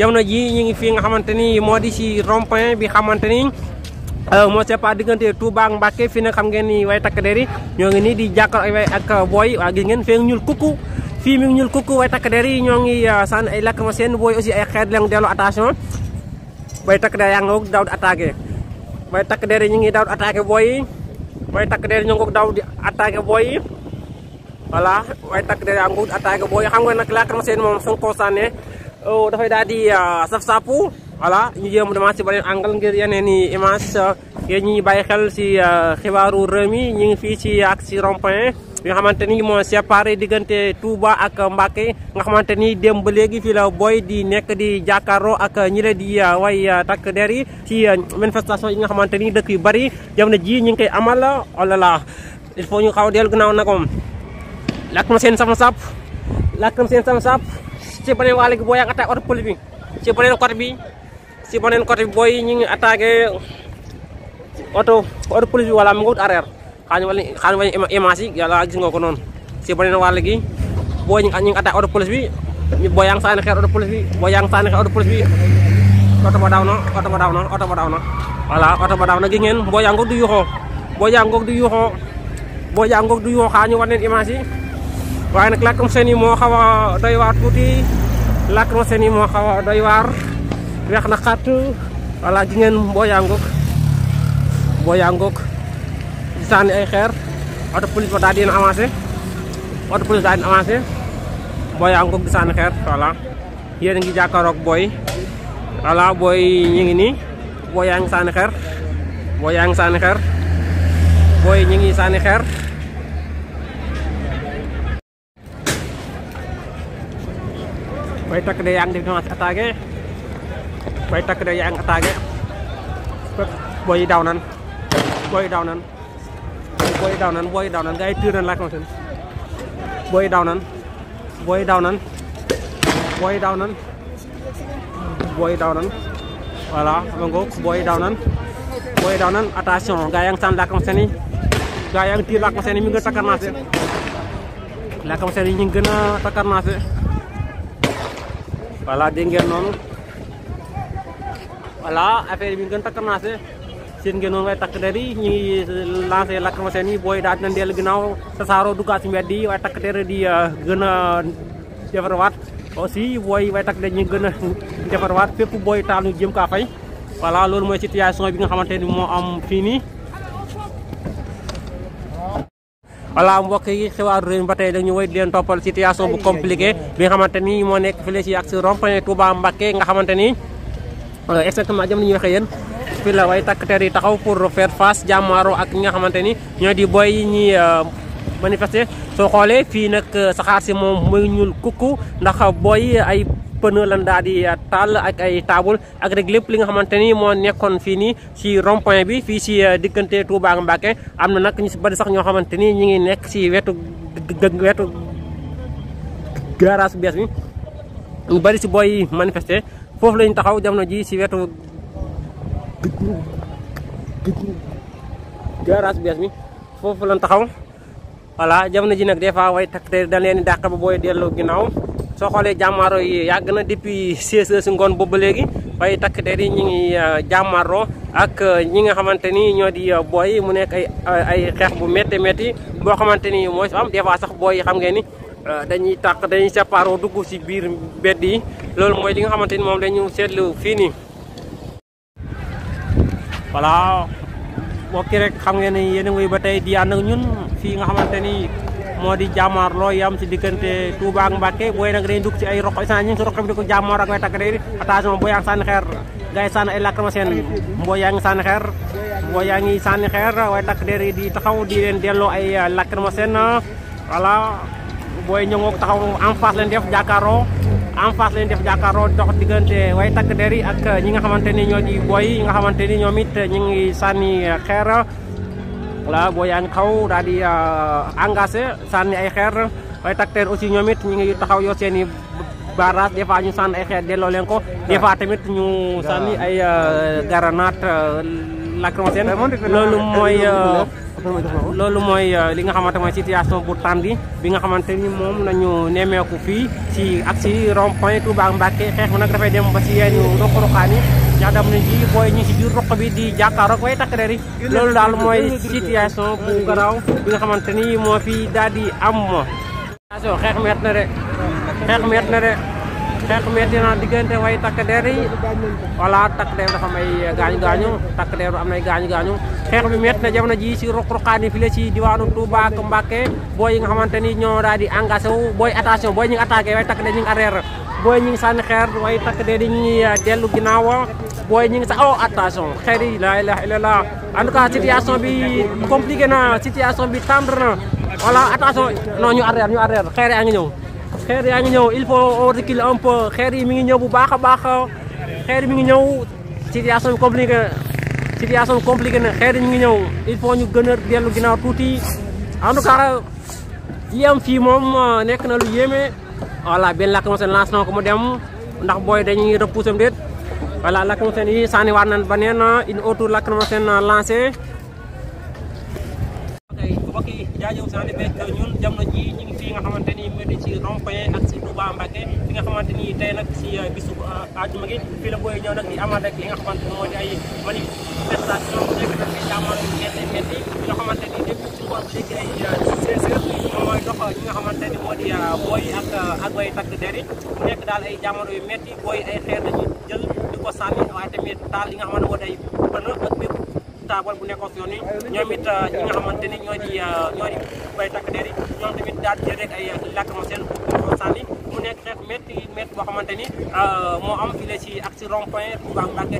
jamono ji ñu ngi fii nga xamante ni moo di si rond-point bi xamante ni euh, moo sépare diggante Touba ak Mbacké fii nag xam ngeen ni way takk der yi ñoo ngi nii di jàkkar ay way ak booy waa gis ngeen fee ñuul kukku fii mi ngi ñuul kukku way takk der yi ñoo ngi euh, sànni ay lakk ma seen booy aussi ay xeet leen dellu attention way takk der yaa nga takk der ñu ngi daw di booy yi way takk der yi ñoo ngi daw di attaqué booy booy xam nga nag lakk ma seen moom suñ ko sànnee dafay daal di saf sàpp voilà ñu jéem dama si beneen angle ngir yeneen i image yéen ñi bàyyi xel si xibaaru réew mi ñu ngi fii ci ak si rond point bi nga xamante ni moo séparé diggante Touba ak Mbacké nga xamante ni dem ba la boy di nek di jàkkaarloo ak ñi dia, di way ah, tak der yi ci manifestation yi nga xamante ni dëkk yu bari jamono ji ñu ngi amal lah, la il faut ñu xaw del gannaaw nag moom lakk ma sap sap. sàpp lakk ma walé wale boy ak attaque kan kan ya auto police bi ci benen côté bi ci benen côté boy ñi ngi attaqué auto auto police wala mu ngout arrière xani wala xani wala image yalla gis nga ko non ci benen walé gi boy ñi ngi attaque auto police bi boy yang sañ xéer auto police bi boy yang sani xeer auto police bi auto ba dawno auto ba dawno auto ba dawno wala auto ba dawno gi ngeen boy yang du yuxo boy yang du yuxo boy yang du yuxo xani wala image waye nak lakum seni mo xawa doy war tuuti lakum seni mo xawa doy war weex na xàtt wala gi ngeen boyangok boyangok di sana ay xeer auto police ba da di avancer auto police da di sana boyangok di sànni xeer wala yeen ngi jakarok boy wala boy ñi ngi ni boyang yaa ngi sànni xeer booy yaa xeer ngi sànni xeer baitak takk yang yaa ngi commencé attaqué way takk de yaa ngi boy daw boy daw boy daw boy daw nan gars yi tiir nan boy daw boy daw boy daw boy daw nan voilà ma boy daw boy daw nan attention gars yaa ngi sànni laa commencé ni gars yaa ngi tiir laa commencé ni mi ngi gën a takkarnaase laa commencé ni ñu ngi gën a takkarnaase voilà dégg ngeen noonu voilà affaire bi gën takk commencé seen ngeen noonu way takk der yi ñu ngi euh, lancé lacrymogène yi booy daal dinañ dellu ginnaaw tasaaroo duggaat si mbedd yi waaye takk der di euh, gën a defarwaat aussi booy way takk der ñu gën a defarwaat fépp booy taal ñu jëm kaa fay voilà loolu mooy situation bi nga xamante ni moo am fii nii voilà mbokk yi xewaaru réew ba tey dañu wéy di leen toppal situation bu compliqué bi nga xamante ni moo nekk fële si ak si rond Touba Mbacké nga xamante ni euh, exactement jam ñu waxee yéen fi la way takk ter yi taxaw pour faire face jàmmaaroo ak nga xamante ni ñoo di boy yi euh, manifester soo xoolee fii nag euh, saxaar si moom muy kukku ndax boy ay pneu lan daal di eh, ak ay table ak rek lepp li nga xamanteni mo nekkon fi ni ci si rond point bi fi ci eh, diggante Touba ak Mbacké amna nak ñu si bari sax ño xamanteni ñi ngi nekk ci wetu wetu garage bes bi ñu bari si boy manifester fofu lañu taxaw jamono ji ci wetu garage bes bi fofu lañu taxaw wala jamono ji nak defa way takte dañ leen di ba boy delo ginaaw so xolé jamaro yi yàgg na depuis 16 heures si ngoon boobu léegi waaye takk der ñi ngi euh, jamaro ak euh, ñi nga xamanteni ni ñoo di euh, booy mu nek ay ay xex bu metti metti bo xamanteni ni am des fois sax boy yi xam ngeen ni dañuy tak dañuy séparo dugg ci biir bedd yi lool moy li nga xamanteni mom moom dañu seetlu fii wala voilà mbokk rek xam ngeen ni yene a ngi ba tey di and ak ñun fi nga xamanteni moo di jàmmaarloo yam ci diggante Touba ak Mbacke booy nag day dugg ci ay roq isaan ñu ci bi di ko eh, eh. jamor ak way eh, takk day attention booy yaa ngi sànni xeer gars yi sànni ay lacrymogène mbooy yaa ngi sànni xeer mbooy yaa ngi sànni xeer way takk day di taxaw di leen delloo ay lacrymogène voilà booy ñëngoog taxaw en face leen def jàkkaaroo en face leen def jàkkaaroo dox diggante way takk der yi ak ñi nga xamante ni ñoo di booy yi nga xamante ni ñoom it ngi sànni xeer la boyan yaa ngi taxaw daal di engagé eh, sànni ay xeer way takteer aussi ñoom it ñu ngi taxaw yor seen i barrage des fois ñu sànni ay xeer delloo leen ko des ya. fois tamit ñu sànni ay ya. eh, granate eh, lacrymogène loolu mooy loolu ya? mooy li nga xamante mooy situation bu bi nga ci ak si rond point Touba Mbacké xeex bi nag dafay dem ba si yenn ndax dem nañ booy ñi ci biir roq bi di jàkkaaroo ak way takk der yi daal mooy situation bu garaaw bi nga xamante ni moo fi daal di am ma situation xeex meet na de xeex meet na de xeex meet na diggante way takk der yi voilà takk der dafa am ay gaañu gaañu takk der am nay gaañu gaañu xeex bi meet na jamono ji si ruq-ruqaan yi fi la ci diwaanu Touba ak booy yi nga xamante ni ñoo daal di engagé wu booy attention booy ñu ngi attaqué way takk der ñu ngi booy ñu ngi xeer way takk der yi dellu ginnaaw booy ñi ngi sax aw oh, attention xeer yi laa ilaha illallah en tout cas situation bi compliqué na situation bi tendre na voilà attention non ñu arrière ñu arrière xeer yaa ngi ñëw xeer yaa ñëw il faut on recule un peu xeer yi mi ngi ñëw bu baax a baax xeer mi ngi ñëw situation bi compliqué situation bi compliqué na xeer yi mi ngi ñëw il faut ñu gën a gi ginnaaw tuuti en tout yi am fii moom nekk na lu yéeme voilà benn lakk mo seen na ko mu dem ndax booy dañu dañuy repousser déet voilà lacrymogène yi sànniwaat nañ ba nee na une autre lacrymogène yi jaajëf ñun jamono ji ñu ngi fii nga xamante ni mu ci rond ak si Touba Mbacké fi nga xamante ni nag si euh, bisu euh, àjjuma nga xamante moo di booy ak euh, ak way takk der nekk daal ay jamono yu métti booy ay xeer dañuy taal li nga xamante moo day pën ak bépp taabal bu nekkoon yoon yi ñoom it ah, ñi nga xamante ni ñoo di ah, ñoo di bay takk der yi ñoom tamit daal di rek ay lakk ma seen ko sànni mu nekk xeex métti métti boo xamante ni ah, moo am fii la ak si rond point Touba Mbacké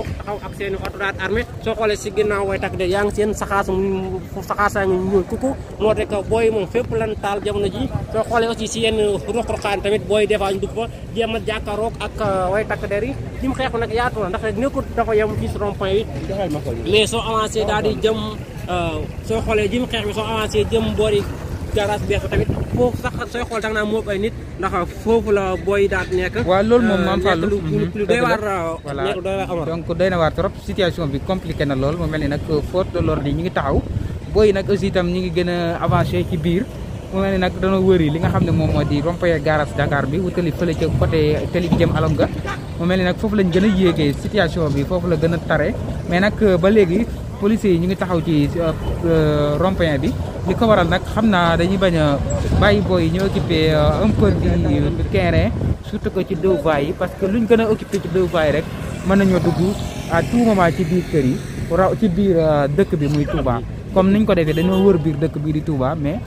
taxaw ak seeni autodate armée soo xoolee si ginnaaw way takk de yaa ngi seen saxaas saxaasaa ngi ñuul kuku moo rek booy moom fépp lan taal jamono ji soo xoolee aussi si yenn ruq-ruqaan tamit booy des fois ñu dugg fa jéem a jàkkaaroog ak euh, way takk der yi lim xeexu nag yaatu na ndax nekkut dafa yem fii si rond point yi mais soo avancé daal di jëm euh, soo xoolee jëm xeex bi soo avancé jëm boori garage beesu tamit boo sax sooy moo ay nit ndax foofu la booy daat nekk. waaw loolu moom euh, maam Fallou mhm. lu doy waar voilà euh, donc doy na waar trop situation bi compliqué na lool mu mel ni nag euh, force de l'ordre yi ngi taxaw booy nag aussi itam ñu ngi gën a avancé ci biir mu mel ni nag dana wëri li nga xam ne moom moo di rompé garage Dakar bi wutali fële ca côté tali jëm alom ga mu mel ni nag foofu lañ gën a yéegee situation bi foofu la gën a tare mais nag ba léegi policiers ñu ngi taxaw ci rond bi li ko waral nag xam naa dañuy bañ a bàyyi booy yi ñu occupé euh, un peu euh, du terrain surtout que ci deux voies yi parce que luñ gën a occupé ci deux voies rek mën nañoo dugg à tout moment ci biir kër yi raw ci biir euh, dëkk bi muy Touba comme niñ ko defee dañoo wër biir dëkk bii di Touba mais.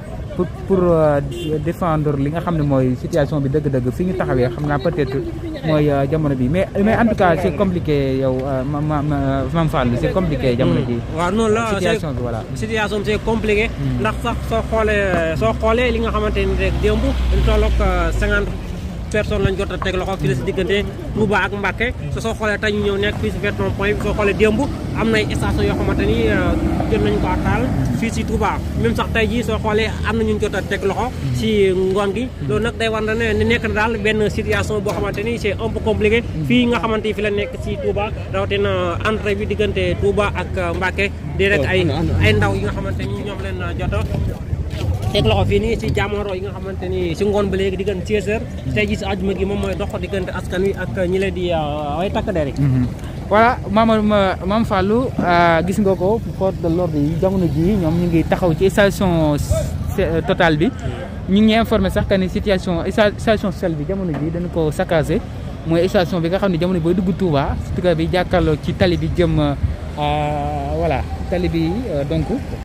pour euh, défendre li nga xamné ne situation bi deug deug fi ñu taxawee xam naa peut être moy euh, jamono bi mais mais en tout cas c'est compliqué yow euh, ma ma Fall c'est compliqué jamono bi hmm. wa non la situation bi voilà. situation c'est compliqué. Hmm. ndax sax so xolé so xolé li nga xamanté ni rek dembu ñu tolok 50 personne lañ jotta tek loxo fi la si diggante Touba ak Mbacké. so xoolee tey ñu ñëw nekk fii si Verton point so xolé dembu amna ay station yo xamanté ni jot nañu ko attaal fii si Touba même sax tey jii soo xoolee am nañu loxo si ngoon gi loolu nak day war na ne nekk na daal benn situation boo xamante c'est un peu compliqué fii nga fi la nekk si Touba rawatina entrée bi diggante Touba ak Mbacké di rek ay ay ndaw yi nga xamante ni ñoom leen jot teg loxo fii nii si jaamoro yi nga xamante si ba léegi diggante 16 heures tey jii si àjjuma gi moom mooy dox diggante askan wi ak ñi leen di uh, way takk voilà maam maam Fallou euh, gis nga ko force de l'ordre yi jamono jii ñoom ñu ngi taxaw ci station euh, Total bi ñu ngi informé sax que ni situation station Shell bi jamono ji dañu ko saccagé mooy station bi nga xam ne jamono booy dugg Touba surtout bi jàkkaarloo ci tali bi jëm euh, voilà tali bi donc.